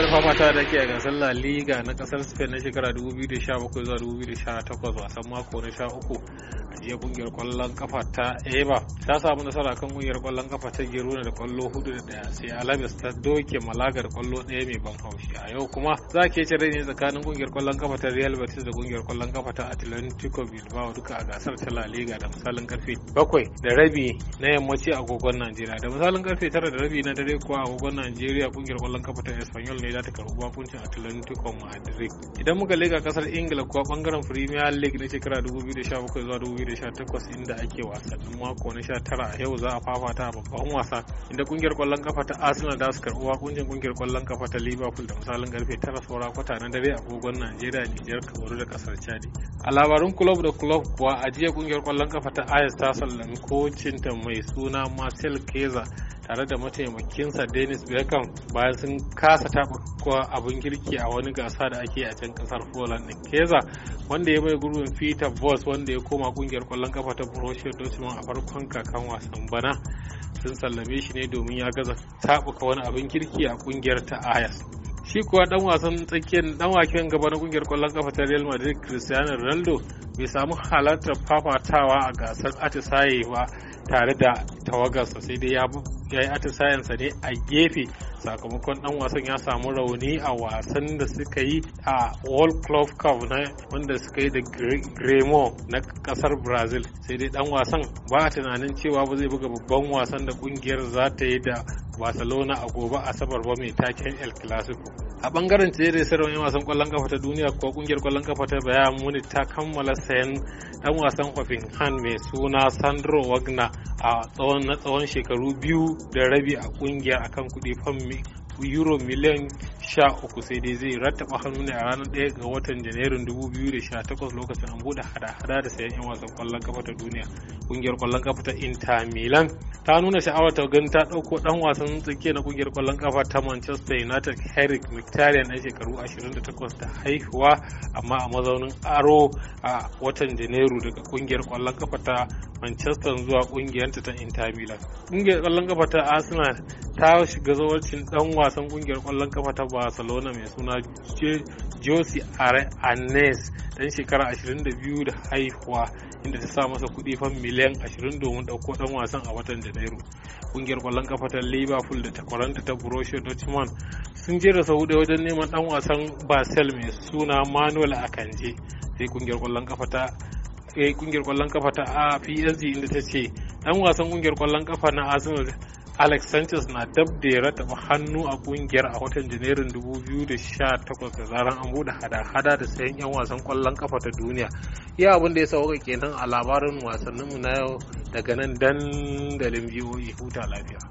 gaba da fafata da ke a gasar La Liga na kasar Spain na shekara 2017 zuwa 2018 wasan mako na 13 ya kungiyar kwallon kafa ta eba ta samu nasara kan kungiyar kwallon kafa ta girona da kwallo hudu da daya sai alabes ta doke malagar kwallo daya mai ban haushi a yau kuma za ke cire ne tsakanin kungiyar kwallon kafa ta real betis da kungiyar kwallon kafa ta atlantico bilbao duka a gasar ta la liga da misalin karfe bakwai da rabi na yammaci a agogon najeriya da misalin karfe tara da rabi na dare kuwa agogon najeriya kungiyar kwallon kafa ta espanyol ne za ta karbi bakuncin atlantico madrid idan muka lega kasar ingila kuwa bangaren premier league na shekara 2017 zuwa 2018 2018 inda ake wasannin mako na 19 a yau za a fafata a babban wasa inda kungiyar kwallon kafa ta Arsenal da su karbi wakuncin kungiyar kwallon kafa ta Liverpool da misalin karfe 9 saura kwata na dare a agogon Najeriya Nijar Kamaru da kasar Chad. A labarun club da club kuwa a jiya kungiyar kwallon kafa ta Ajax ta sallami ta mai suna Marcel Keza tare da mataimakinsa Dennis Beckham bayan sun kasa taɓa kuwa abin kirki a wani gasa da ake a can kasar Poland din Keza wanda ya mai gurbin Peter Voss wanda ya koma kungiyar kwallon kafa ta Borussia Dortmund a farkon kakan wasan bana sun sallame shi ne domin ya gaza tabuka wani abin kirki a kungiyar ta Ajax shi kuwa dan wasan tsakiyar dan waken gaba na kungiyar kwallon kafa ta Real Madrid Cristiano Ronaldo bai samu halartar fafatawa a gasar atisaye ba tare da tawagarsa sai dai ya atisayen sa ne a gefe sakamakon dan wasan ya samu rauni a wasan da suka yi a world club cup na wanda suka yi da gremo na kasar brazil sai dai dan wasan ba a tunanin cewa ba zai buga babban wasan da kungiyar za ta yi da barcelona a gobe asabar ba mai taken el clasico a bangaren da sayarwar wasan kwallon kafa ta duniya ko kungiyar kwallon kafa ta bayan muni ta kammala sayan dan wasan han mai suna Sandro Wagner a tsawon na tsawon shekaru biyu da rabi a kungiyar akan kuɗi fam euro miliyan sha uku sai dai zai rattaba hannu ne a ranar daya ga watan janairun 2018 lokacin an buɗe hada-hada da sayan 'yan wasan kwallon kafa ta duniya kungiyar kwallon kafa ta inter milan ta nuna sha'awar ta gani ta ɗauko ɗan wasan tsakiya na kungiyar kwallon kafa ta manchester united Herrick mctarian na shekaru 28 da haihuwa amma a mazaunin aro a watan janairu daga kungiyar kwallon kafa ta manchester zuwa kungiyarta ta inter milan kungiyar kwallon kafa ta arsenal ta shiga zawarcin dan wasan kungiyar kwallon kafa ta barcelona mai suna jose anes dan shekara 22 da haihuwa inda ta sa masa kudi fan miliyan 20 domin dauko dan wasan a watan janairu kungiyar kwallon kafa ta liverpool da takwaranta ta borussia dortmund sun je da da wajen neman dan wasan basel mai suna manuel akanje sai kungiyar kwallon kafa ta kungiyar kwallon kafa ta a PSG inda ta ce dan wasan kungiyar kwallon kafa na Arsenal Alex Sanchez na dab da ya rataba hannu a kungiyar a watan Janairun 2018 da zaran an bude hada-hada da sayan 'yan wasan kwallon kafa ta duniya. ya abin da ya sauka kenan a labarin wasanninmu na yau daga nan dandalin ya huta lafiya.